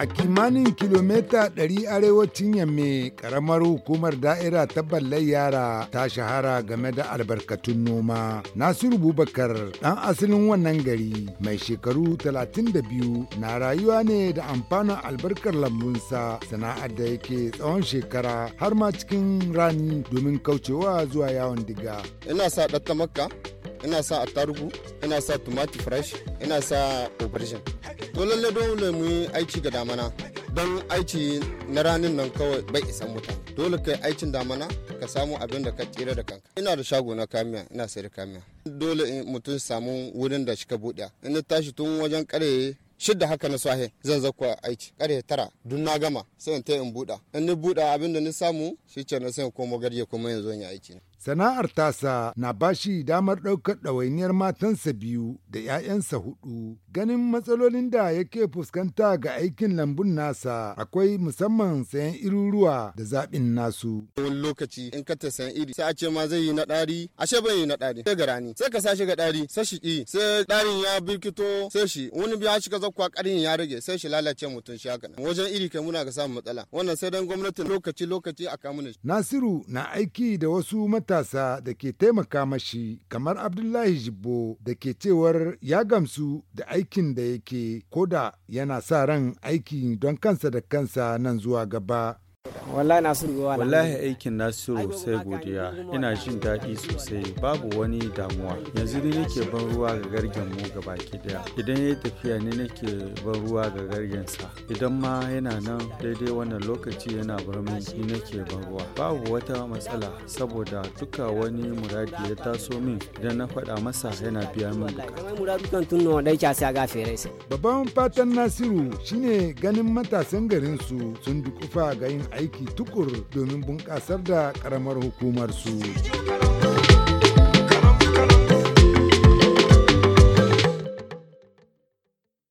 a kimanin kilomita 100 arewacin yamme karamar hukumar da'ira ta ballai yara ta shahara game da albarkatun noma nasiru bubakar ɗan asalin wannan gari mai shekaru 32 na rayuwa ne da amfanin albarkar lambunsa sana'ar da yake tsawon shekara har ma cikin rani domin kaucewa zuwa yawon diga ina sa ɗatta makka ina sa attarugu ina sa tumati fresh ina sa aubergine to lalle dole mu yi aiki ga damana don aiki na ranin nan kawai bai isa mutum dole kai aikin damana ka samu abin da ka tsira da kanka ina da shago na kamiya ina sayar kamiya dole mutum samu wurin da shika buɗe in tashi tun wajen kare shidda haka na swahe zan zakwa aiki kare tara dun na gama sai in ta in buɗa in ni buɗa abin da ni samu shi ce na sai komo garje kuma yanzu in yi aiki Sana'ar tasa na ba shi damar ɗaukar ɗawainiyar matansa biyu da 'ya'yansa hudu. Ganin matsalolin da yake fuskanta ga aikin lambun nasa akwai musamman sayan iruruwa da zaɓin nasu. Wani lokaci in ka ta sayan iri sai a ce ma zai yi na ɗari, ashe bai yi na ɗari. Sai ga rani, sai ka sa shi ga ɗari, sai shi ƙi, sai ɗarin ya birkito, sai shi wani biya shi ka zakwa ƙarin ya rage, sai shi lalace mutum shi haka. Wajen iri kai muna ga samun matsala. Wannan sai dan gwamnatin lokaci lokaci a kamuna. Nasiru na aiki da wasu mata matasa da ke taimaka mashi kamar Abdullahi Jibbo da ke cewar ya gamsu da aikin da yake koda yana sa ran aiki don kansa da kansa nan zuwa gaba. wallahi nasiru wallahi aikin nasiru sai godiya ina jin daɗi sosai babu wani damuwa yanzu ne nake ban ruwa ga gargen mu ga baki daya idan ya tafiya ne nake ban ruwa ga gargen sa idan ma yana nan daidai wannan lokaci yana barmin ni nake ban ruwa babu wata matsala saboda duka wani muradi ya taso min idan na faɗa masa yana biya min babban fatan nasiru shine ganin matasan garin su sun dukufa ga yin aiki tukur domin bunƙasar da ƙaramar hukumar su.